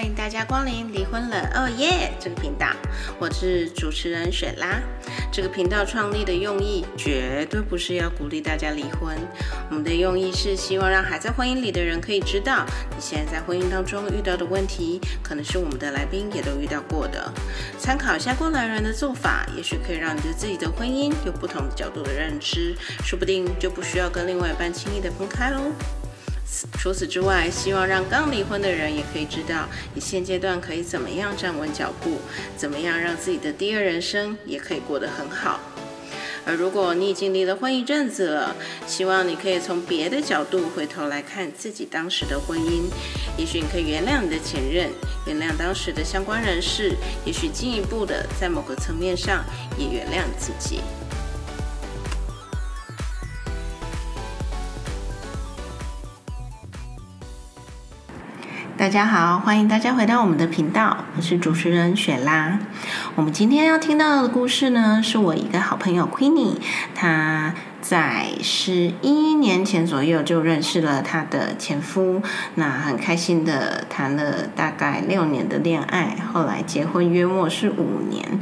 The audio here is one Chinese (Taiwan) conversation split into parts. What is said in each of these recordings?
歡迎大家光臨《離婚了》喔耶！這個頻道，我是主持人雪拉。這個頻道創立的用意絕對不是要鼓勵大家離婚，我們的用意是希望讓還在婚姻裡的人可以知道，你現在在婚姻當中遇到的問題，可能是我們的來賓也都遇到過的。參考一下過來人的做法，也許可以讓你對自己的婚姻有不同角度的認知，說不定就不需要跟另外一半輕易的分開嘍。除此之外，希望讓剛離婚的人也可以知道，你現階段可以怎麼樣站穩腳步，怎麼樣讓自己的第二人生也可以過得很好。而如果你已經離了婚一陣子了，希望你可以從別的角度回頭來看自己當時的婚姻，也許你可以原諒你的前任，原諒當時的相關人士，也許進一步的在某個層面上也原諒自己。大家好，歡迎大家回到我們的頻道，我是主持人雪拉。我們今天要聽到的故事呢，是我一個好朋友 Queenie，她在十一年前左右就認識了她的前夫，那很開心的談了大概六年的戀愛，後來結婚約莫是五年。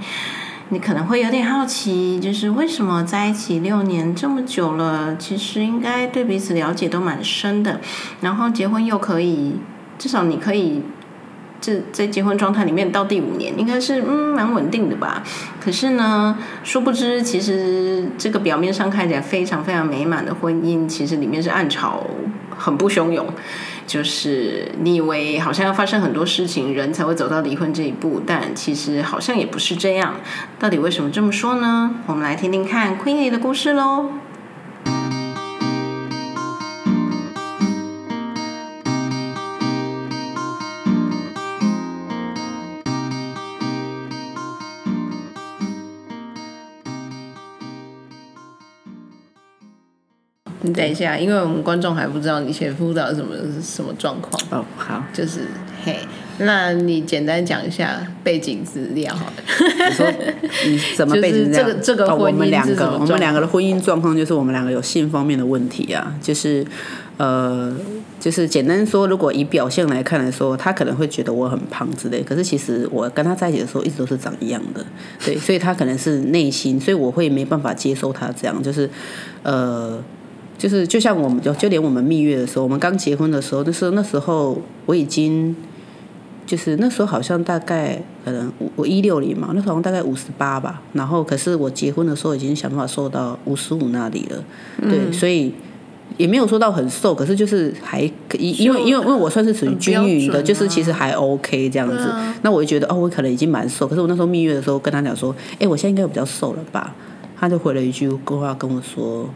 你可能會有點好奇，就是為什麼在一起六年這麼久了，其實應該對彼此了解都蠻深的，然後結婚又可以。至少你可以，就在結婚狀態裡面到第五年應該是嗯，蠻穩定的吧。可是呢，殊不知其實這個表面上看起來非常非常美滿的婚姻，其實裡面是暗潮很不洶湧。就是你以為好像要發生很多事情，人才會走到離婚這一步，但其實好像也不是這樣。到底為什麼這麼說呢？我們來聽聽看 Queenie 的故事嘍。等一下，因為我們觀眾還不知道你前夫的什麼什麼狀況哦。好，就是嘿，那你簡單講一下背景資料好了。 你說你什麼背景料、就是這個？這個這個，我們兩個，我們兩個的婚姻狀況就是我們兩個有性方面的問題啊。就是呃，就是簡單說，如果以表現來看來說，他可能會覺得我很胖之類。可是其實我跟他在一起的時候，一直都是長一樣的。對，所以他可能是內心，所以我會沒辦法接受他這樣。就是呃。就是就像我們就就連我們蜜月的時候，我們剛結婚的時候，就是那時候我已經，就是那時候好像大概可能我一六零嘛，那時候好像大概五十八吧。然後可是我結婚的時候已經想辦法瘦到五十五那裡了，對、嗯，所以也沒有說到很瘦，可是就是還可以，因為因為因為我算是屬於均匀的，就是其實還 OK 這樣子。那我就覺得哦，我可能已經蠻瘦。可是我那時候蜜月的時候跟他講說，哎，我現在應該有比較瘦了吧？他就回了一句話跟我說。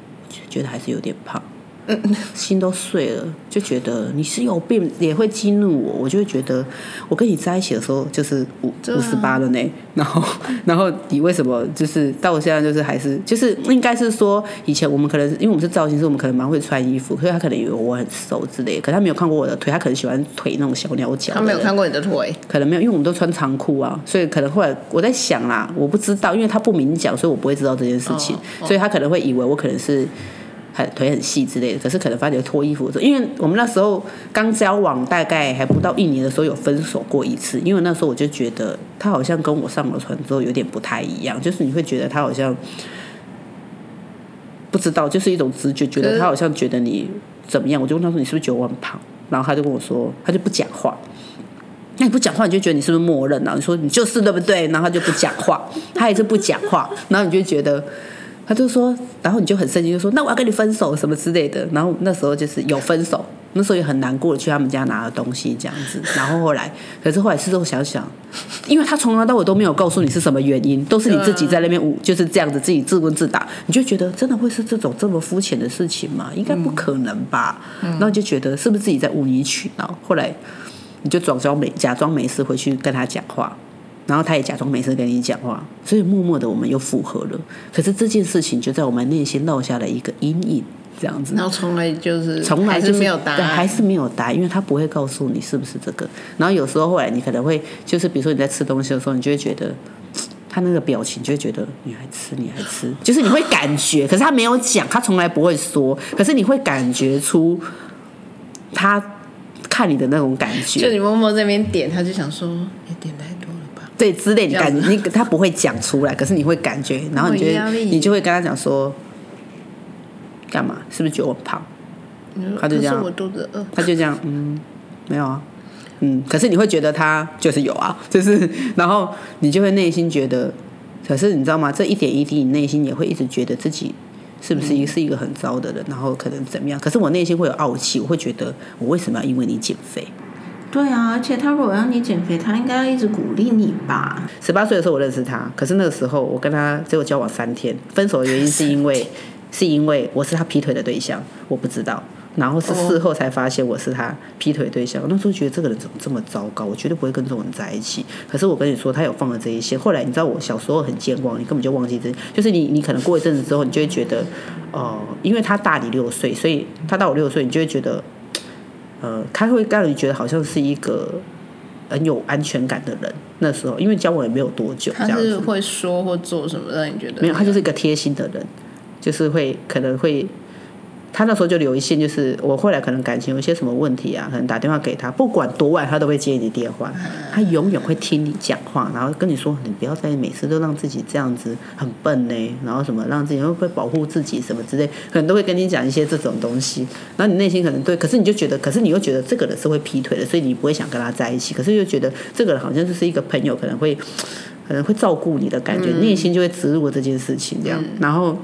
覺得還是有點胖。 心都碎了，就覺得你是有病，也會激怒我。我就會覺得，我跟你在一起的時候就是五、啊、五十八了呢。然後，然後你為什麼就是到我現在就是還是，就是應該是說以前我們可能因為我們是造型師，我們可能蠻會穿衣服，所以他可能以為我很瘦之類。可他沒有看過我的腿，他可能喜歡腿那種小鳥腳。他沒有看過你的腿，可能沒有，因為我們都穿長褲啊，所以可能後來我在想啦，我不知道，因為他不明講，所以我不會知道這件事情，哦哦、所以他可能會以為我可能是。很腿很細之類的，可是可能發覺脫衣服的時候，因為我們那時候剛交往，大概還不到一年的時候有分手過一次，因為那時候我就覺得他好像跟我上了床之後有點不太一樣，就是你會覺得他好像不知道，就是一種直覺，覺得他好像覺得你怎麼樣，我就問他說，你是不是覺得我很胖？然後他就跟我說他就不講話，那你不講話你就覺得你是不是默認了？你說你就是對不對？然後他就不講話，他也是不講話，然後你就覺得。他就說，然後你就很生氣，就說：“那我要跟你分手什麼之類的。”然後那時候就是有分手，那時候也很難過，去他們家拿了東西這樣子。然後後來，可是後來事後想想，因為他從頭到尾都沒有告訴你是什麼原因，都是你自己在那邊捂，就是這樣子自己自問自答。你就覺得真的會是這種這麼膚淺的事情嗎？應該不可能吧？那、嗯嗯、你就覺得是不是自己在無理取鬧？後來你就裝裝沒，假裝沒事回去跟他講話。然後他也假裝沒事跟你講話，所以默默的我們又復合了。可是這件事情就在我們內心落下了一個陰影，這樣子。然後從來就是從來就沒有答案，對，還是沒有答案，因為他不會告訴你是不是這個。然後有時候後來你可能會就是比如說你在吃東西的時候，你就會覺得他那個表情，就會覺得你還吃你還吃，就是你會感覺，可是他沒有講，他從來不會說，可是你會感覺出他看你的那種感覺，就你默默在那邊點，他就想說你點對之類，你感覺你他不會講出來，可是你會感覺，然後你覺得你就會跟他講說，幹嘛？是不是覺得我胖？他就這樣，我肚子餓，他就這樣，嗯，沒有啊，嗯。可是你會覺得他就是有啊，就是，然後你就會內心覺得，可是你知道嗎？這一點一滴，你內心也會一直覺得自己是不是一是一個很糟的人，然後可能怎麼樣？可是我內心會有傲氣，我會覺得我為什麼要因為你減肥？對啊，而且他如果讓你減肥，他應該要一直鼓勵你吧。十八歲的時候我認識他，可是那個時候我跟他只有交往三天，分手的原因是因為 是因為我是他劈腿的對象，我不知道，然後是事後才發現我是他劈腿的對象。Oh. 那時候覺得這個人怎麼這麼糟糕，我絕對不會跟這種人在一起。可是我跟你說，他有放了這一些。後來你知道我小時候很健忘，你根本就忘記這些，就是你你可能過一陣子之後，你就會覺得，哦、呃，因為他大你六歲，所以他大我六歲，你就會覺得。呃，他會讓你覺得好像是一個很有安全感的人。那時候，因為交往也沒有多久這樣，他是會說或做什麼讓你覺得沒有，他就是一個貼心的人，就是會可能會他那時候就留一線，就是我後來可能感情有些什麼問題啊，可能打電話給他，不管多晚他都會接你電話，他永遠會聽你講話，然後跟你說，你不要再每次都讓自己這樣子很笨呢。然後什麼讓自己會保護自己什麼之類，可能都會跟你講一些這種東西。然後你內心可能對，可是你就覺得，可是你又覺得這個人是會劈腿的，所以你不會想跟他在一起。可是又覺得這個人好像就是一個朋友，可能會可能會照顧你的感覺，內心就會植入這件事情這樣。嗯，然後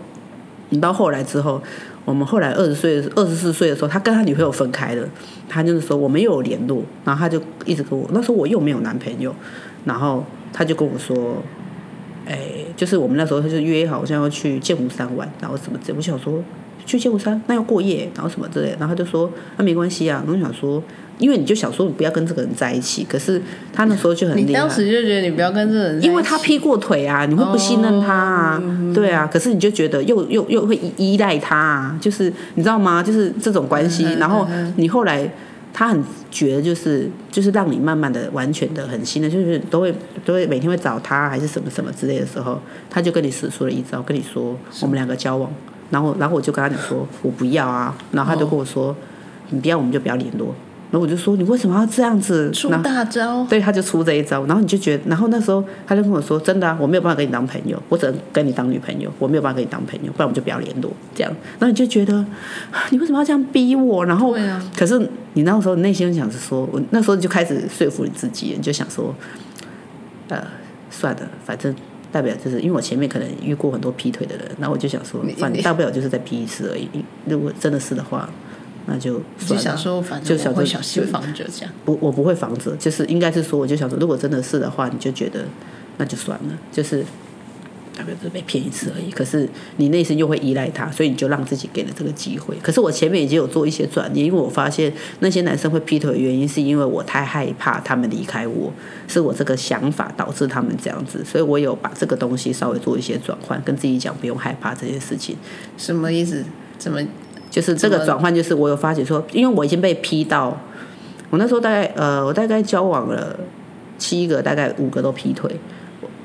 你到後來之後，我們後來二十歲的時二十四歲的時候，他跟他女朋友分開了，他就是說我沒有聯絡，然後他就一直跟我。那時候我又沒有男朋友。然後他就跟我說，哎，就是我們那時候他就約好，好像要去劍湖山玩，然後什麼之類。我想說，去劍湖山那要過夜，然後什麼之類。然後他就說，那、啊、沒關係啊。我就想說，因為你就想說你不要跟這個人在一起，可是他那時候就很厲害，你當時就覺得你不要跟這個人在一起，因為他劈過腿啊，你會不信任他啊，oh, um, 對啊。可是你就覺得又又又會依賴他、啊，就是你知道嗎？就是這種關係。嗯嗯嗯嗯、然後你後來。他很覺得，就是就是讓你慢慢的、完全的、狠心的，就是都會都會每天會找他，還是什麼什麼之類的時候，他就跟你使出了一招，跟你說我們兩個交往，然後然後我就跟他講說，我不要啊，然後他就跟我說，哦、你不要我們就不要聯絡，然後我就說你為什麼要這樣子出大招？對，他就出這一招，然後你就覺得，然後那時候他就跟我說，真的、啊，我沒有辦法跟你當朋友，我只能跟你當女朋友，我沒有辦法跟你當朋友，不然我們就不要聯絡這樣。然後你就覺得、啊，你為什麼要這樣逼我？然後、啊、可是。你那時候內心想是說，我那時候就開始說服你自己，你就想說，呃，算了，反正代表就是因為我前面可能遇過很多劈腿的人，那我就想說，反，大不了就是再劈一次而已。如果真的是的話，那就算了。就想說反正我就想說我會小心防著這樣。不，我不會防着，就是應該是說，我就想說，如果真的是的話，你就覺得那就算了，就是。代表是被騙一次而已，可是你內心又會依賴他，所以你就讓自己給了這個機會。可是我前面已經有做一些轉念，因為我發現那些男生會劈腿的原因，是因為我太害怕他們離開我，是我這個想法導致他們這樣子，所以我有把這個東西稍微做一些轉換，跟自己講不用害怕這些事情。什麼意思？怎麼？就是這個轉換，就是我有發覺說，因為我已經被劈到，我那時候大概呃，我大概交往了七個，大概五個都劈腿。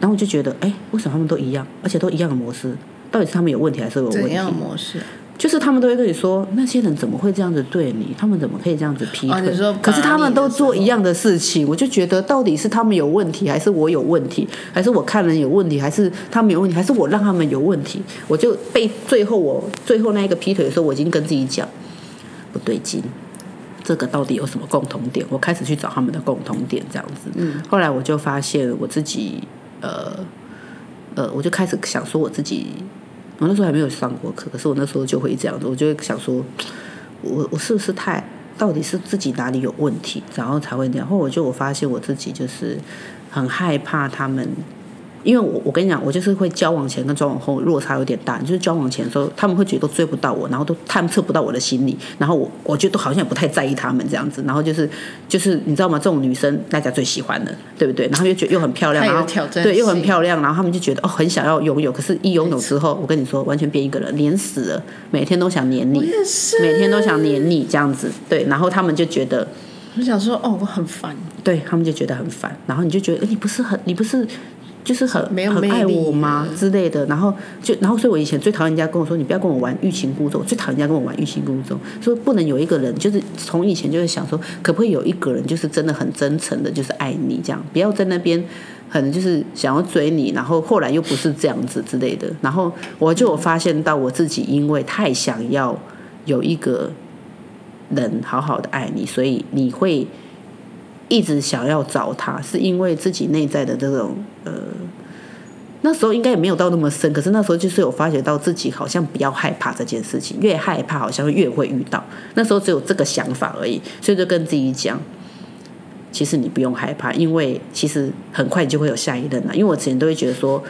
然後我就覺得，哎，為什麼他們都一樣，而且都一樣的模式？到底是他們有問題，還是有問題？模式？就是他們都會跟你說，那些人怎麼會這樣子對你？他們怎麼可以這樣子劈腿，啊？可是他們都做一樣的事情，我就覺得到底是他們有問題，還是我有問題？還是我看人有問題？還是他們有問題？還是我讓他們有問題？我就被最後我最後那一個劈腿的時候，我已經跟自己講不對勁，這個到底有什麼共同點？我開始去找他們的共同點，這樣子。嗯。後來我就發現我自己。呃，呃，我就開始想說我自己，我那時候還沒有上過課，可是我那時候就會這樣子，我就會想說，我我是不是太，到底是自己哪裡有問題，然後才會那樣。然後我就我發現我自己就是很害怕他們。因為我我跟你講，我就是會交往前跟交往後落差有點大。就是交往前的時候，他們會覺得都追不到我，然後都探測不到我的心理，然後我我覺得都好像也不太在意他們這樣子。然後就是就是你知道嗎？這種女生大家最喜歡的，對不對？然後又覺得又很漂亮，然後挑戰，然後對，又很漂亮。然後他們就覺得哦，很想要擁有，可是一擁有之後，我跟你說，完全變一個人，黏死了，每天都想黏你，每天都想黏你這樣子。對，然後他們就覺得，我想說哦，我很煩，對他們就覺得很煩。然後你就覺得，欸，你不是很你不是。就是很沒有沒很愛我嗎之類的，然後就然後，所以，我以前最討厭人家跟我說，你不要跟我玩欲擒故縱，最討厭人家跟我玩欲擒故縱，所以不能有一個人，就是從以前就會想說，可不可以有一個人，就是真的很真誠的，就是愛你這樣，不要在那邊很就是想要追你，然後後來又不是這樣子之類的，然後我就有發現到我自己，因為太想要有一個人好好的愛你，所以你會。一直想要找他，是因為自己內在的這種呃，那時候應該也沒有到那麼深，可是那時候就是有發覺到自己好像比較害怕這件事情，越害怕好像越會遇到。那時候只有這個想法而已，所以就跟自己講，其實你不用害怕，因為其實很快就會有下一任了啊。因為我之前都會覺得說。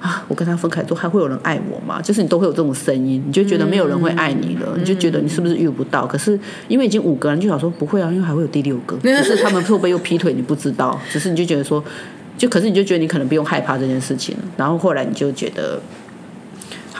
啊！我跟他分開之後還會有人愛我嗎？就是你都會有這種聲音，你就覺得沒有人會愛你了，嗯、你就覺得你是不是遇不到？嗯、可是因為已經五個人，你就想說不會啊，因為還會有第六個。可是他們會不會又劈腿？你不知道。只是你就覺得說，就可是你就覺得你可能不用害怕這件事情。然後後來你就覺得。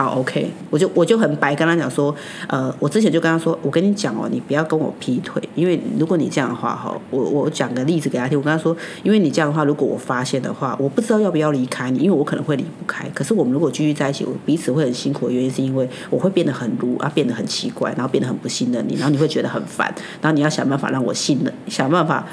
好，OK，我就我就很白跟他講說，呃，我之前就跟他說，我跟你講哦，你不要跟我劈腿，因為如果你這樣的話哈，我我講個例子給他聽，我跟他說，因為你這樣的話，如果我發現的話，我不知道要不要離開你，因為我可能會離不開，可是我們如果繼續在一起，我彼此會很辛苦的原因是因為我會變得很如啊，變得很奇怪，然後變得很不信任你，然後你會覺得很煩，然後你要想辦法讓我信任，想辦法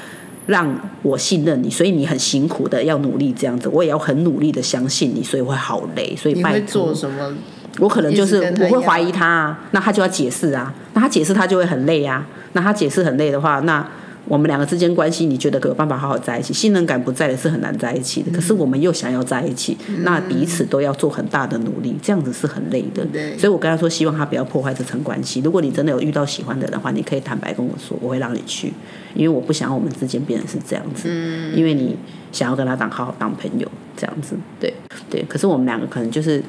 讓我信任你，所以你很辛苦的要努力這樣子，我也要很努力的相信你，所以我會好累，所以拜託，你會做什麼？我可能就是我會懷疑他啊，啊。那他就要解釋啊，那他解釋他就會很累啊，那他解釋很累的話，那我們兩個之間關係，你覺得有沒有辦法好好在一起？信任感不在的是很難在一起的。嗯、可是我們又想要在一起、嗯，那彼此都要做很大的努力，這樣子是很累的。對、嗯，所以我跟他說，希望他不要破壞這層關係。如果你真的有遇到喜歡的人的話，你可以坦白跟我說，我會讓你去，因為我不想我們之間變成是這樣子。嗯，因為你想要跟他當好好當朋友，這樣子，嗯、對對。可是我們兩個可能就是。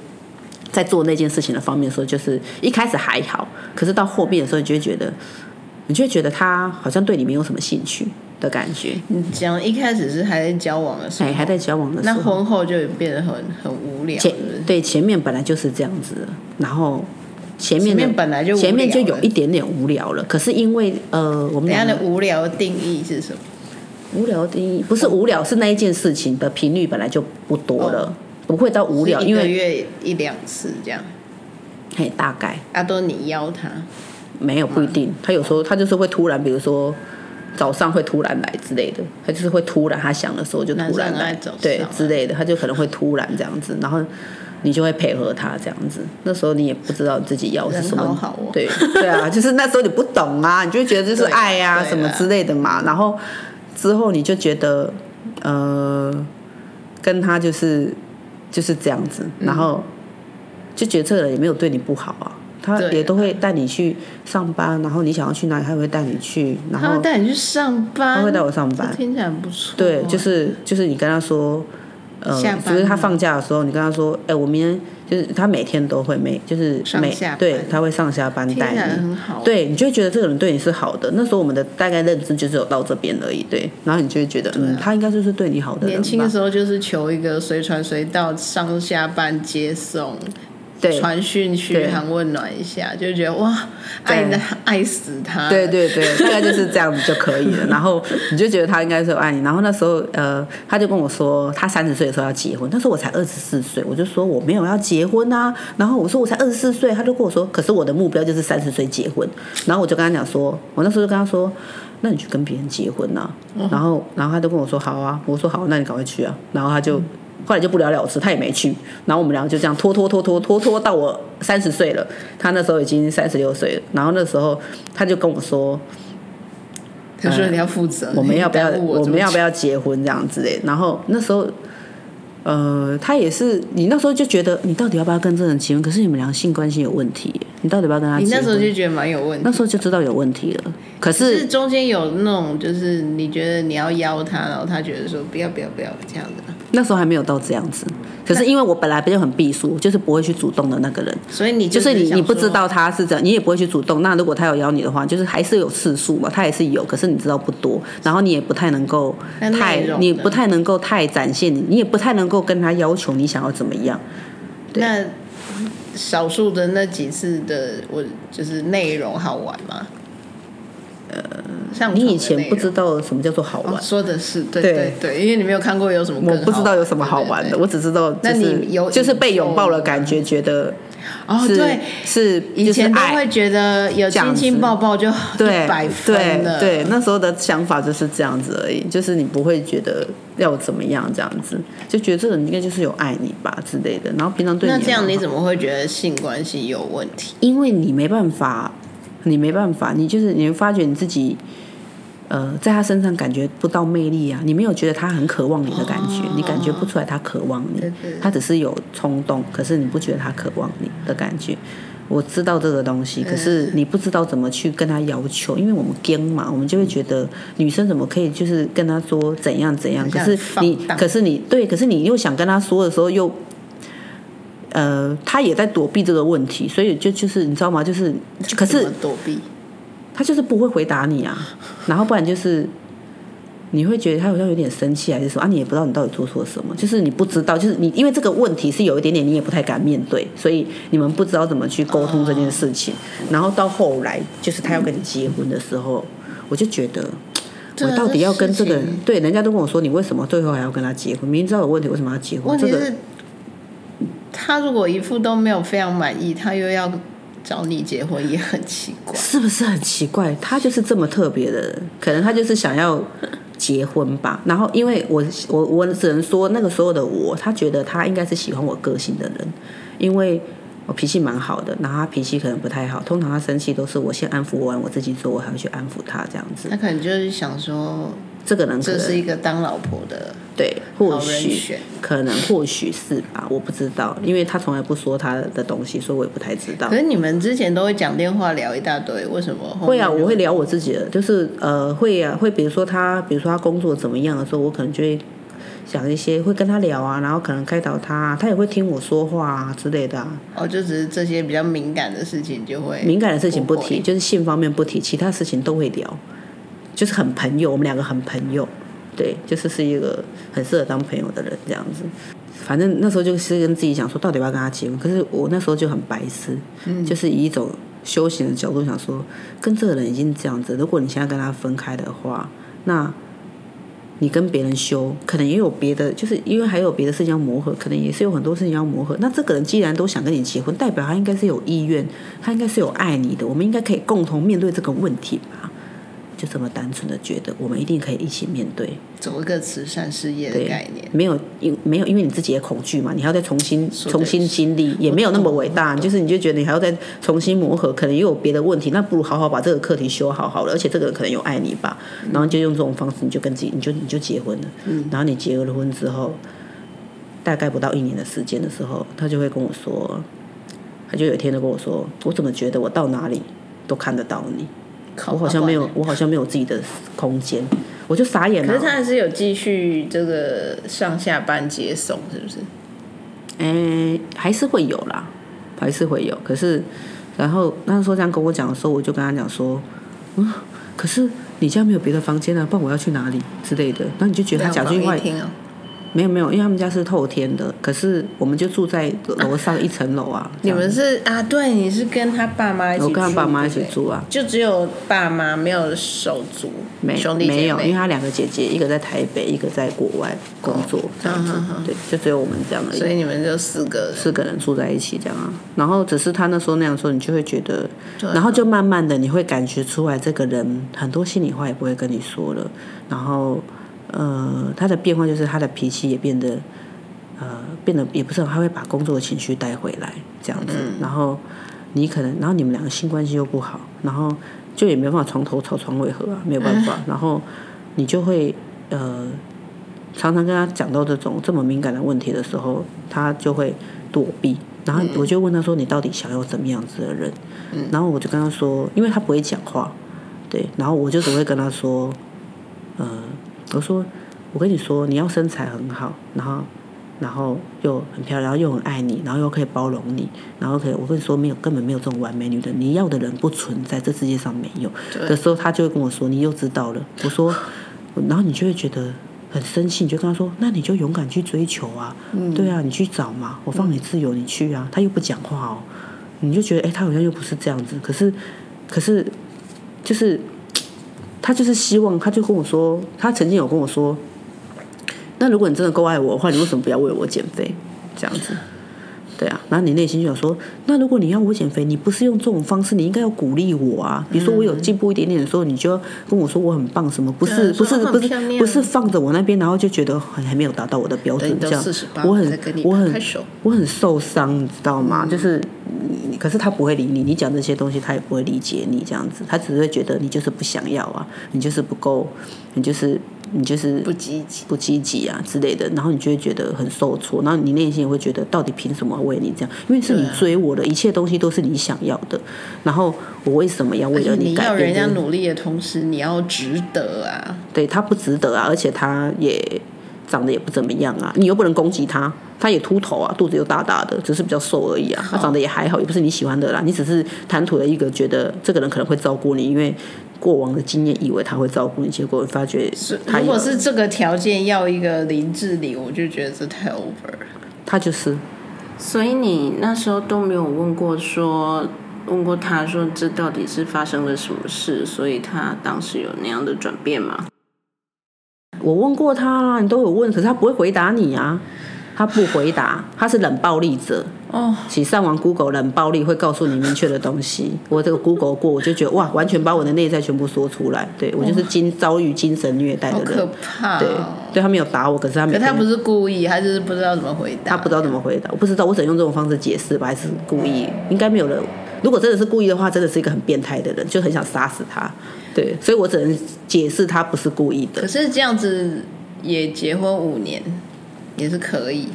在做那件事情的方面的時候，就是一開始還好，可是到後面的時候，你就會覺得，你就會覺得他好像對你沒有什麼興趣的感覺。你、嗯、講一開始是還在交往的時候、哎，還在交往的時候，那婚後就變得很很無聊是不是？前對前面本來就是這樣子，然後前面的前面本來就前面就有一點點無聊了。可是因為呃，我們倆的無聊定義是什麼？無聊定義不是無聊，哦、是那一件事情的頻率本來就不多了。哦不會到無聊，一個月因為一兩次這樣，嘿，大概。要、啊、都你邀他，沒有不一定，嗯、他有時候他就是會突然，比如說早上會突然來之類的，他就是會突然，他想的時候就突然來，走上來，對，對之類的，他就可能會突然這樣子、嗯，然後你就會配合他這樣子，那時候你也不知道自己要是什麼，好好哦、對對啊，就是那時候你不懂啊，你就覺得就是愛啊什麼之類的嘛，然後之後你就覺得呃跟他就是。就是這樣子，然後就覺得這個人也沒有對你不好啊。他也都會帶你去上班，然後你想要去哪裡，他也會帶你去。然後他會帶你去上班。他會帶我上班，聽起來不錯。對，就是就是你跟他說，呃，就是他放假的時候，你跟他說，哎、欸，我明天。就是他每天都會每就是每對，他會上下班，帶你。很好、欸。對，你就會覺得這個人對你是好的。那時候我們的大概認知就只有到這邊而已，對。然後你就會覺得，啊、嗯，他應該就是對你好的。年輕的時候就是求一個隨傳隨到，上下班接送。對傳訊去，很溫暖一下，就覺得哇，愛的愛死他。對對對，大概就是這樣子就可以了。 然後你就覺得他應該是有愛你。然後那時候，呃，他就跟我說，他三十歲的時候要結婚。那時候我才二十四歲，我就說我沒有要結婚啊。然後我說我才二十四歲，他就跟我說，可是我的目標就是三十歲結婚。然後我就跟他講說，我那時候就跟他說，那你去跟別人結婚吶、啊。然後，然後他就跟我說好啊，我說好，那你趕快去啊。然後他就。嗯後來就不了了之，他也沒去。然後我們兩個就這樣拖拖拖拖拖拖到我三十歲了，他那時候已經三十六歲了。然後那時候他就跟我說：“呃、他說你要負責，我們要不要我，我們要不要結婚這樣子的？”然後那時候，呃，他也是你那時候就覺得你到底要不要跟這個人結婚？可是你們兩個性關係有問題，你到底要不要跟他結婚？你那時候就覺得蠻有問題，那時候就知道有問題了。可是是中間有那種就是你覺得你要邀他，然後他覺得說不要不要不要這樣子。那時候還沒有到這樣子，可是因為我本來不就很避數，就是不會去主動的那個人，所以你就是、就是、你你不知道他是怎樣，你也不會去主動。那如果他有邀你的話，就是還是有次數嘛，他也是有，可是你知道不多，然後你也不太能夠太，你不太能夠太展現你，你也不太能夠跟他要求你想要怎麼樣。那少數的那幾次的，我就是內容好玩嗎？呃，像你以前不知道什麼叫做好玩，哦、說的是對對對，對，因為你沒有看過有什麼，我不知道有什麼好玩的，對對對，我只知道、就是，那你有就是被擁抱的感覺，覺得哦對，是、是、是愛。以前都會覺得有親親抱抱就一百分了對對，對，那時候的想法就是這樣子而已，就是你不會覺得要怎麼樣這樣子，就覺得這個人應該就是有愛你吧之類的，然後平常對你。那這樣你怎麼會覺得性關係有問題？因為你沒辦法。你沒辦法，你就是你會發覺你自己，呃，在他身上感覺不到魅力啊！你沒有覺得他很渴望你的感覺，你感覺不出來他渴望你，他只是有衝動，可是你不覺得他渴望你的感覺。我知道這個東西，可是你不知道怎麼去跟他要求，因為我們驚嘛，我們就會覺得女生怎麼可以就是跟他說怎樣怎樣？可是你，可是你對，可是你又想跟他說的時候又。呃，他也在躲避這個問題，所以就就是你知道嗎？就是，是可是躲避，他就是不會回答你啊。然後不然就是你會覺得他好像有點生氣，還是說啊，你也不知道你到底做錯了什麼？就是你不知道，就是你因為這個問題是有一點點你也不太敢面對，所以你們不知道怎麼去溝通這件事情。哦、然後到後來就是他要跟你結婚的時候，嗯、我就覺得、啊、我到底要跟這個人這，對，人家都跟我說你為什麼最後還要跟他結婚？明知道有問題為什麼要結婚？這個。他如果一副都沒有非常滿意，他又要找你結婚也很奇怪，是不是很奇怪？他就是這麼特別的人，可能他就是想要結婚吧。然後因為我我我只能說，那個時候的我，他覺得他應該是喜歡我個性的人，因為我脾氣蠻好的，然後他脾氣可能不太好。通常他生氣都是我先安撫完我自己做，說我還要去安撫他這樣子。他可能就是想說。這個人，這是一個當老婆的。對，或許可能或許是吧，我不知道，因為他從來不說他的東西，所以我也不太知道。可是你們之前都會講電話聊一大堆，為什麼？會啊，我會聊我自己的，就是呃，會啊，會，比如說他，比如說他工作怎麼樣的時候，我可能就會講一些，會跟他聊啊，然後可能開導他，他也會聽我說話啊之類的啊。哦，就只是這些比較敏感的事情就會，敏感的事情不提，就是性方面不提，其他事情都會聊。就是很朋友，我們兩個很朋友，對，就是是一個很適合當朋友的人這樣子。反正那時候就是跟自己講說，到底要不要跟他結婚？可是我那時候就很白痴，嗯，就是以一種修行的角度想說，跟這個人已經這樣子，如果你現在跟他分開的話，那你跟別人修，可能也有別的，就是因為還有別的事情要磨合，可能也是有很多事情要磨合。那這個人既然都想跟你結婚，代表他應該是有意願，他應該是有愛你的，我們應該可以共同面對這個問題。就這麼單純的覺得，我們一定可以一起面對，走一個慈善事業的概念，沒有因沒有因為你自己的恐懼嘛，你還要再重新重新經歷，也沒有那麼偉大，就是你就覺得你還要再重新磨合，可能又有別的問題，那不如好好把這個課題修好好了，而且這個人可能有愛你吧，然後就用這種方式，你就跟自己，你就你就結婚了，然後你結了婚之後，大概不到一年的時間的時候，他就會跟我說，他就有一天就跟我說，我怎麼覺得我到哪裡都看得到你？好好好，我好像沒有，我好像沒有自己的空間，我就傻眼了。可是他還是有繼續這個上下班接送，是不是？哎、欸，還是會有啦，還是會有。可是，然後那時候這樣跟我講的時候，我就跟他講說，嗯，可是你家沒有別的房間啊，不然我要去哪裡之類的。那你就覺得他講句話。沒有沒有，因為他們家是透天的，可是我們就住在樓上一層樓啊，啊。你們是啊，對，你是跟他爸媽一起住。欸、我跟他爸媽一起住啊。就只有爸媽，沒有手足，沒有兄弟姐妹沒有，因為他兩個姐姐，一個在台北，一個在國外工作，哦、這樣子。啊哈哈。對，就只有我們這樣而已，所以你們就四個四個人住在一起這樣啊？然後只是他那時候那樣說，你就會覺得，然後就慢慢的你會感覺出來，這個人很多心裡話也不會跟你說了，然後。呃，他的變化就是他的脾氣也變得，呃，變得也不是，他會把工作的情緒帶回來這樣子、嗯。然後你可能，然後你們兩個性關係又不好，然後就也沒辦法床頭吵床尾和啊，沒有辦法。嗯、然後你就會，呃，常常跟他講到這種這麼敏感的問題的時候，他就會躲避。然後我就問他說：“你到底想要怎麼樣子的人？”然後我就跟他說：“因為他不會講話，對，然後我就只會跟他說，呃。”我說，我跟你說，你要身材很好，然後，然後又很漂亮，然後又很愛你，然後又可以包容你，然後可以，我跟你說沒有，根本沒有這種完美女的，你要的人不存在，這世界上沒有。這時候，他就會跟我說，你又知道了。我說，然後你就會覺得很生氣，你就跟他說，那你就勇敢去追求啊，嗯、對啊，你去找嘛，我放你自由，你去啊。他又不講話哦，你就覺得，哎、欸，他好像又不是這樣子。可是，可是，就是。.他就是希望，他就跟我說，他曾經有跟我說，那如果你真的夠愛我的話，你為什麼不要為我減肥？這樣子，對啊。然後你內心就想說，那如果你要我減肥，你不是用這種方式，你應該要鼓勵我啊。比如說我有進步一點點的時候，你就要跟我說我很棒什麼？不是、啊、不是不是不是放着我那邊，然後就覺得還還沒有達到我的標準這樣。我很我很我很受傷，你知道嗎？嗯、就是。可是他不會理你，你講這些東西他也不會理解你這樣子，他只會覺得你就是不想要啊，你就是不夠，你就是你就是不積極，不積極啊之類的，然後你就會覺得很受挫，然後你內心也會覺得到底憑什麼為你這樣？因為是你追我的，一切東西都是你想要的，然後我為什麼要為了你改變、就是？你要人家努力的同時，你要值得啊，對他不值得啊，而且他也。長得也不怎麼樣啊，你又不能攻擊他，他也禿頭啊，肚子又大大的，只是比較瘦而已啊。他長得也還好，也不是你喜歡的啦。你只是貪圖了一個覺得這個人可能會照顧你，因為過往的經驗以為他會照顧你，結果我發覺他是。如果是這個條件要一個林志玲，我就覺得這太 over。他就是。所以你那時候都沒有問過說，問過他說這到底是發生了什麼事，所以他當時有那樣的轉變嗎？我問過他啦，你都有問，可是他不會回答你啊，他不回答，他是冷暴力者。哦、oh.，其實上網 Google 冷暴力會告訴你明確的東西。我這個 Google 過，我就覺得哇，完全把我的內在全部說出來。對，oh. 我就是經遭遇精神虐待的人。Oh. 可怕，哦。對，對他沒有打我，可是他沒有。可他不是故意，還是不知道怎麼回答？他不知道怎麼回答，我不知道，我只能用這種方式解釋吧，還是故意？應該沒有人。如果真的是故意的話，真的是一個很變態的人，就很想殺死他。對，所以我只能解釋他不是故意的。可是這樣子也結婚五年，也是可以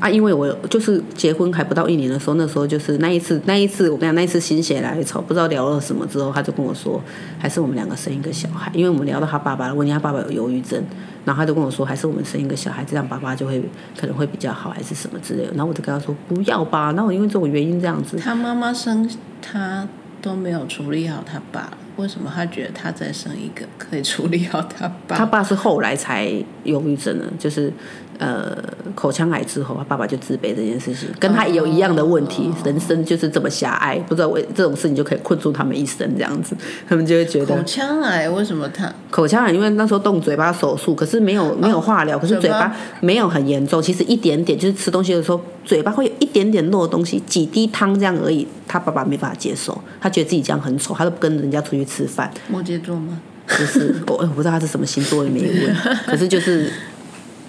啊。因為我就是結婚還不到一年的時候，那時候就是那一次，那一次我們倆那一次心血來潮，不知道聊了什麼之後，他就跟我說，還是我們兩個生一個小孩，因為我們聊到他爸爸了，問他爸爸有憂鬱症，然後他就跟我說，還是我們生一個小孩，這樣爸爸就會可能會比較好，還是什麼之類的。然後我就跟他說不要吧，然後因為這種原因這樣子，他媽媽生他都沒有處理好他爸，為什麼他覺得他再生一個可以處理好他爸？他爸是後來才憂鬱症的，就是。呃，口腔癌之後，他爸爸就自卑這件事情，跟他有一樣的問題、哦，人生就是這麼狹隘，不知道為這種事情就可以困住他們一生這樣子，他們就會覺得口腔癌，為什麼他口腔癌？口腔癌因為那時候動嘴巴手術，可是沒有沒有化療、哦，可是嘴巴沒有很嚴重，其實一點點，就是吃東西的時候嘴巴會有一點點落東西，幾滴湯這樣而已。他爸爸沒法接受，他覺得自己這樣很醜，他都不跟人家出去吃飯。摩羯座嗎？不是， 我我不知道他是什麼星座，也沒有問。 可是就是。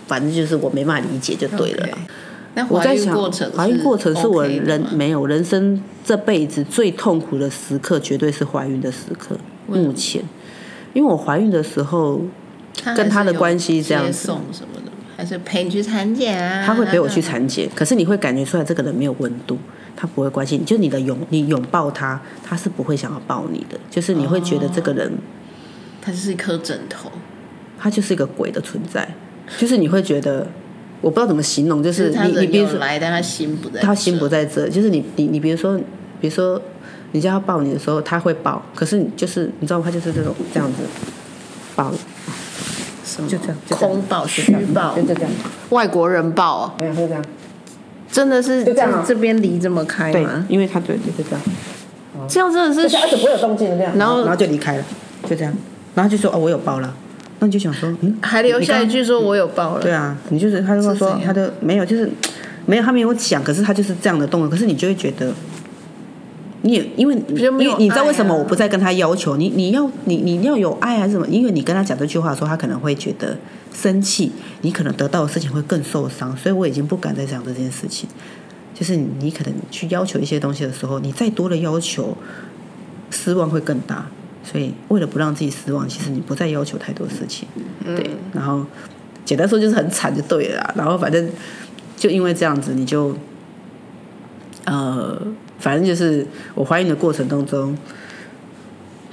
反正就是我沒辦法理解就對了。我在想、okay. 懷孕過程，懷孕過程是、okay、我人沒有人生這輩子最痛苦的時刻，絕對是懷孕的時刻。目前，因為我懷孕的時候，他跟他的關係這樣子，接送什麼的，還是陪你去產檢啊？他會陪我去產檢，可是你會感覺出來這個人沒有溫度，他不會關心你。就你的擁，你擁抱他，他是不會想要抱你的。就是你會覺得這個人，哦、他就是一顆枕頭，他就是一個鬼的存在。就是你會覺得，我不知道怎麼形容，就是你你比如說來，但他心不在，他心不在這。就是你你你比如說，比如說你叫他抱你的時候，他會抱，可是你就是你知道嗎？他就是這種這樣子抱什麼？就這樣，就這樣空抱虛抱，就這樣。外國人抱啊，沒有，就這樣，真的是就這樣、哦。這邊離這，這麼開嗎？對，因為他對，就這樣。這樣真的是，小孩子不會有動靜的，這樣，然後然後就離開了，就這樣，然後就說哦，我有抱了。那你就想說，嗯，還留下一句說“我有抱了”，剛剛，嗯。對啊，你就是他都說他的沒有，就是沒有，他沒有講。可是他就是這樣的動作。可是你就會覺得，你也因為你、啊、你知道為什麼我不再跟他要求？你你要你你要有愛還是什麼？因為你跟他講這句話的時候，他可能會覺得生氣，你可能得到的事情會更受傷。所以我已經不敢再講這件事情。就是你，你可能去要求一些東西的時候，你再多的要求，失望會更大。所以，為了不讓自己失望，其實你不再要求太多事情，對。然後，簡單說就是很慘就對了。然後，反正就因為這樣子，你就呃，反正就是我懷孕的過程當中。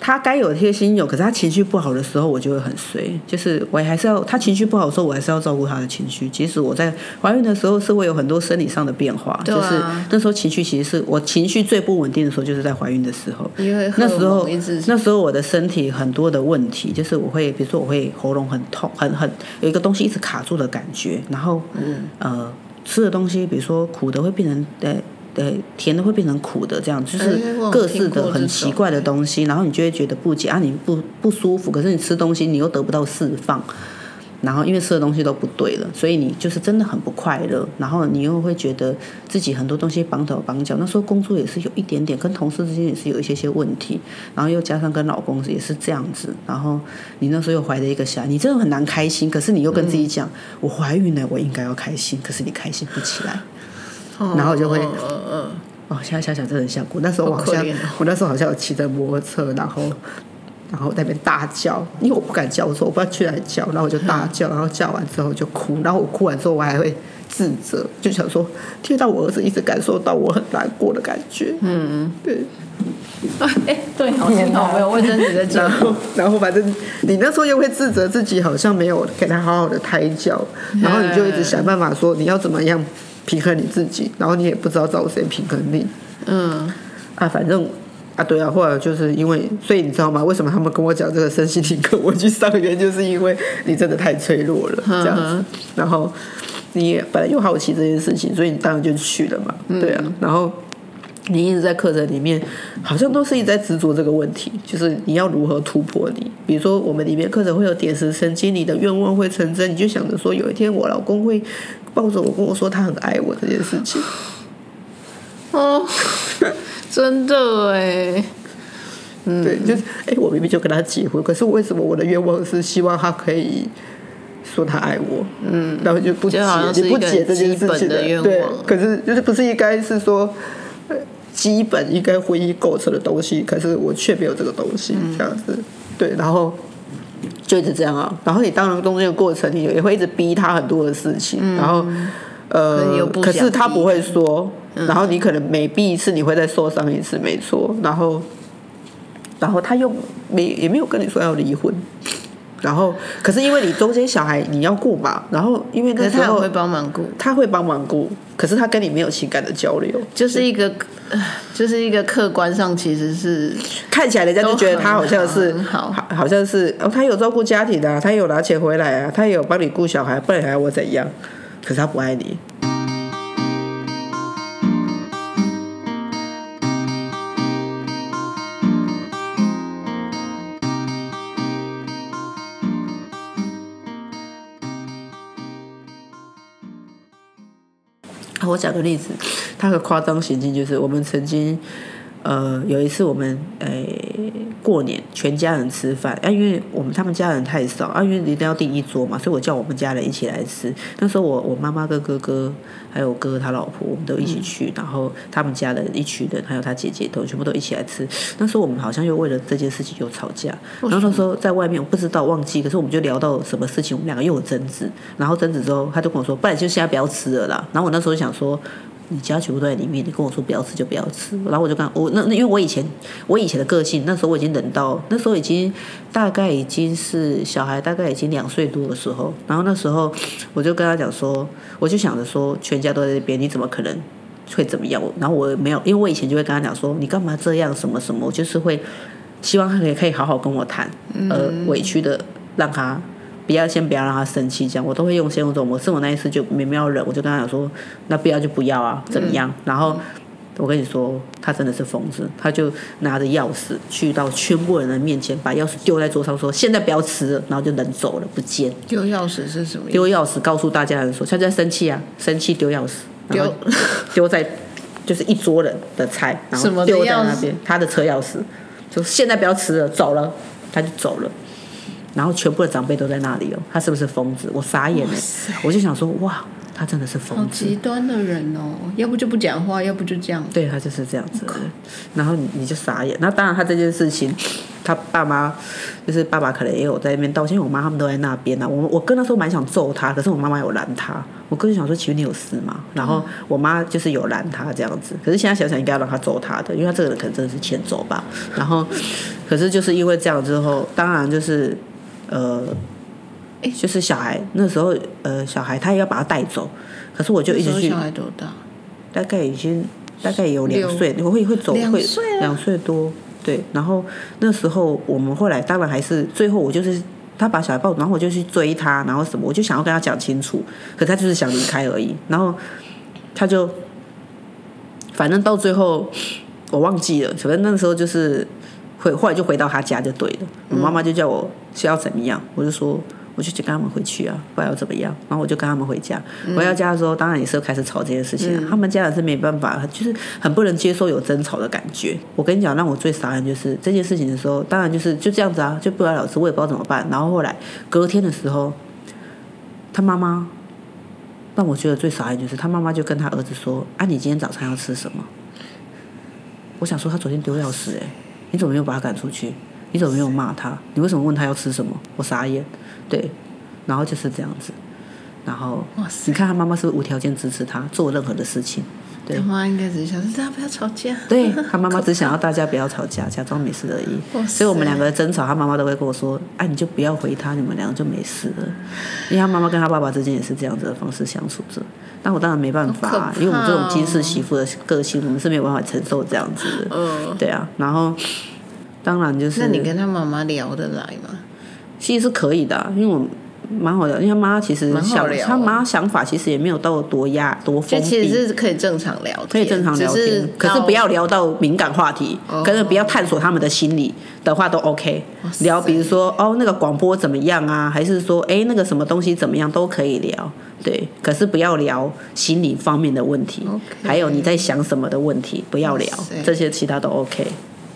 他該有的貼心有，可是他情緒不好的時候，我就會很衰。就是我還是要他情緒不好的時候，我還是要照顧他的情緒。即使我在懷孕的時候，是會有很多生理上的變化，啊、就是那時候情緒其實是我情緒最不穩定的時候，就是在懷孕的時候。因為那時候，那時候我的身體很多的問題，就是我會，比如說我會喉嚨很痛，很很有一個東西一直卡住的感覺，然後、嗯、呃吃的東西，比如說苦的會變成對。呃對，甜的會變成苦的，這樣就是各式的很奇怪的東西、哎的，然後你就會覺得不解啊，你不不舒服，可是你吃東西你又得不到釋放，然後因為吃的東西都不對了，所以你就是真的很不快樂，然後你又會覺得自己很多東西綁手綁腳。那時候工作也是有一點點，跟同事之間也是有一些些問題，然後又加上跟老公也是這樣子，然後你那時候又懷了一個小孩，你真的很難開心。可是你又跟自己講、嗯，我懷孕了，我應該要開心，可是你開心不起來。然後我就會，嗯嗯，哦，現在想想真的很想哭。那時候我好像好，我那時候好像有騎着摩托車，然後，然後在那邊大叫，因為我不敢叫，我說我不要去喊叫，然後我就大叫，嗯、然後叫完之後就哭，然後我哭完之後我還會自責，就想說，聽到我兒子一直感受到我很難過的感覺。嗯，對。哎、啊欸，對，好心疼，沒有衛生紙在。然後，然後反正你那時候又會自責自己好像沒有給他好好的胎教、嗯，然後你就一直想辦法說你要怎麼樣。平衡你自己，然後你也不知道找誰平衡你。嗯，啊，反正，啊，對啊，或者就是因為，所以你知道嗎？為什麼他們跟我講這個身心靈課，我去上元就是因為你真的太脆弱了，呵呵這樣子。然後你也本來又好奇這件事情，所以你當然就去了嘛。嗯、對啊，然後。你一直在課程裡面，好像都是一直在執着這個問題，就是你要如何突破你。比如說，我們裡面課程會有點石成金，你的願望會成真，你就想着說，有一天我老公會抱着我跟我說他很愛我這件事情。哦，真的哎！嗯，對，就是哎、欸，我明明就跟他結婚，可是為什麼我的願望是希望他可以說他愛我？嗯，然後就不解，就不解這件事情的願望，對，可是就是不是應該是說。基本應該會構成的東西，可是我卻沒有這個東西，這樣子、嗯，對，然後就一直這樣啊、喔。然後你當中間的過程，你也會一直逼他很多的事情，嗯、然後呃可，可是他不會說。然後你可能每逼一次，你會再受傷一次，沒錯。然後，然後他又沒也沒有跟你說要離婚。然後，可是因為你中間小孩你要顧嘛，然後因為那時候可是他會幫忙顧，他會幫忙顧，可是他跟你沒有情感的交流，就是一個，是就是一個客觀上其實是看起來人家就覺得他好像是很好,好,好,好，好像是哦，他有照顧家庭啊，他有拿錢回來啊，他也有幫你顧小孩，不然還要我怎樣？可是他不愛你。我講個例子，他的誇張行徑就是我們曾經。呃，有一次我們誒、欸、過年全家人吃飯啊，因為我們他們家人太少啊，因為一定要訂一桌嘛，所以我叫我們家人一起來吃。那時候我我媽媽跟哥哥，哥，哥還有哥哥他老婆，我們都一起去，嗯、然後他們家人一群人還有他姐姐都全部都一起來吃。那時候我們好像又為了這件事情又吵架，然後那時候在外面我不知道忘記，可是我們就聊到什麼事情，我們兩個又有爭執，然後爭執之後他就跟我說，不然就現在不要吃了啦。然後我那時候就想說。你家全部都在裡面，你跟我說不要吃就不要吃，然後我就跟我那那，因為我以前我以前的個性，那時候我已經冷到那時候已經大概已經是小孩大概已經兩歲多的時候，然後那時候我就跟他講說，我就想着說全家都在那邊，你怎麼可能會怎麼樣？然後我沒有，因為我以前就會跟他講說你幹嘛這樣什麼什麼，就是會希望他可以可以好好跟我談，而委屈的讓他。不要，先不要讓他生氣。這樣我都會用先用這種模式。我，我那一次就沒沒有忍，我就跟他講說：“那不要就不要啊，怎麼樣？”嗯，然後我跟你說，他真的是瘋子，他就拿着鑰匙去到全部人的面前，把鑰匙丟在桌上，說：“現在不要吃了。”然後就人走了，不見。丟鑰匙是什麼？丟鑰匙告訴大家人說，他就在生氣啊，生氣丟鑰匙，丟丟 在就是一桌人的菜，然後丟到那邊。他的車鑰匙，就現在不要吃了，走了，他就走了。然後全部的長輩都在那裡哦，他是不是瘋子？我傻眼了，oh, 我就想說哇，他真的是瘋子。極端的人哦，要不就不講話，要不就這樣。對，他就是這樣子。Okay. 然後你你就傻眼。那當然，他這件事情，他爸媽就是爸爸可能也有在那邊道歉，因為我媽他們都在那邊吶、啊。我我跟他說：蠻想揍他，可是我媽媽有攔他。我哥就想說，其實你有事嘛。然後我媽就是有攔他這樣子。可是現在想想，應該要讓他揍他的，因為他這個人可能真的是欠揍吧。然後，可是就是因為這樣之後，當然就是。呃、欸，就是小孩那時候，呃，小孩他也要把他帶走，可是我就一直去。小孩多大？大概已經大概有兩歲，我會會走、啊、會兩歲多，對。然後那時候我們後來當然還是最後，我就是他把小孩抱走，然後我就去追他，然後什麼，我就想要跟他講清楚，可他就是想離開而已。然後他就 反正到最後我忘記了，反正那個時候就是。回後來就回到他家就對了，我媽媽就叫我需要怎麼樣，嗯、我就說我就去跟他們回去啊，不然要怎麼樣，然後我就跟他們回家、嗯。回到家的時候，當然也是開始吵這件事情、啊、嗯，他們家人是沒辦法，就是很不能接受有爭吵的感覺。我跟你講，讓我最傻眼就是這件事情的時候，當然就是就這樣子啊，就不了了之，我也不知道怎麼辦。然後後來隔天的時候，他媽媽，讓我覺得最傻眼就是他媽媽就跟他兒子說：“啊，你今天早餐要吃什麼？”我想說他昨天丟鑰匙哎。你怎麼沒有把他趕出去？你怎麼沒有罵他？你為什麼問他要吃什麼？我傻眼。對，然後就是這樣子。然後你看他媽媽是不是無條件支持他做任何的事情？他媽媽應該只想大家不要吵架。對，他媽媽只想要大家不要吵架，假裝沒事而已。所以，我們兩個爭吵，他媽媽都會跟我說：“哎、啊，你就不要回他，你們兩個就沒事了。”因為他媽媽跟他爸爸之間也是這樣子的方式相處着。但我當然沒辦法，哦、因為我們這種驚世媳婦的個性，我們是沒有辦法承受這樣子的。嗯，對啊。然後，當然就是，那你跟他媽媽聊得來嗎？其實是可以的、啊，因為我們。蠻好的，因為他媽其實想他媽想法其實也沒有到多壓多封閉，其實是可以正常聊天，可以正常聊天，就是，可是不要聊到敏感話題，跟、哦、不要探索他們的心理的話都 OK，哦。聊比如說哦那個廣播怎麼樣啊，還是說哎、欸、那個什麼東西怎麼樣都可以聊，對，可是不要聊心理方面的問題，哦、還有你在想什麼的問題不要聊，哦，這些其他都 OK。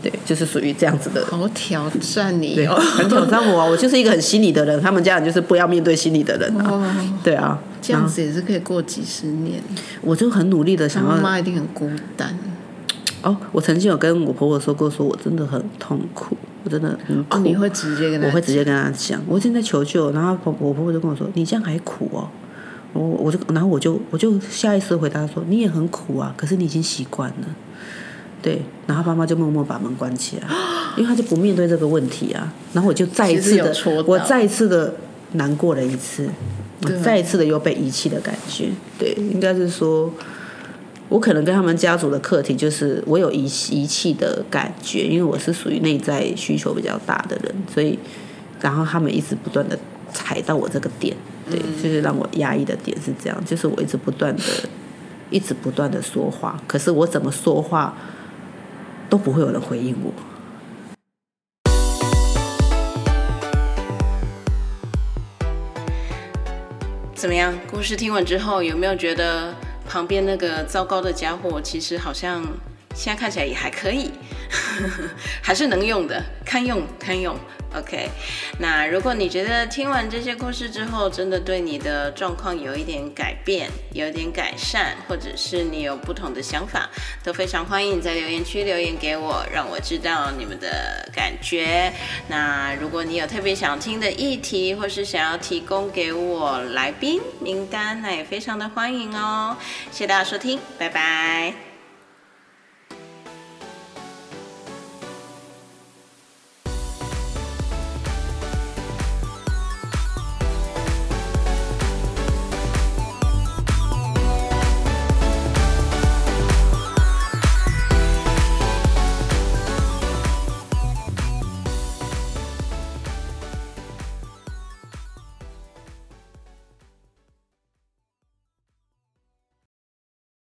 對，就是屬於這樣子的。好挑戰你哦，對，很挑戰我啊！ 我就是一個很心理的人，他們家人就是不要面對心理的人啊。對啊，這樣子也是可以過幾十年。我就很努力的想要。媽媽一定很孤單。哦，我曾經有跟我婆婆說過說，說我真的很痛苦，我真的很苦。你會直接跟我會直接跟他講，我現在求救。然後婆婆我婆婆就跟我說：“你這樣還苦哦。”我我就然後我就，然後我就，我就下意識回答說：“你也很苦啊，可是你已經習慣了。”對，然後媽媽就默默把門關起來，因為他就不面對這個問題啊。然後我就再一次的，我再一次的難過了一次，我再一次的又被遺棄的感覺。對，應該是說，我可能跟他們家族的課題就是我有遺遺棄的感覺，因為我是屬於內在需求比較大的人，所以然後他們一直不斷的踩到我這個點，對、嗯，就是讓我壓抑的點是這樣，就是我一直不斷的，一直不斷的說話，可是我怎麼說話？都不會有人回應我。怎麼樣？故事聽完之後，有沒有覺得旁邊那個糟糕的家伙，其實好像現在看起來也還可以？ 還是能用的，堪用堪用。OK，那如果你覺得聽完這些故事之後，真的對你的狀況有一點改變，有一點改善，或者是你有不同的想法，都非常歡迎你在留言區留言給我，讓我知道你們的感覺。那如果你有特別想聽的議題，或是想要提供給我來賓名單，那也非常的歡迎哦。謝謝大家收聽，拜拜。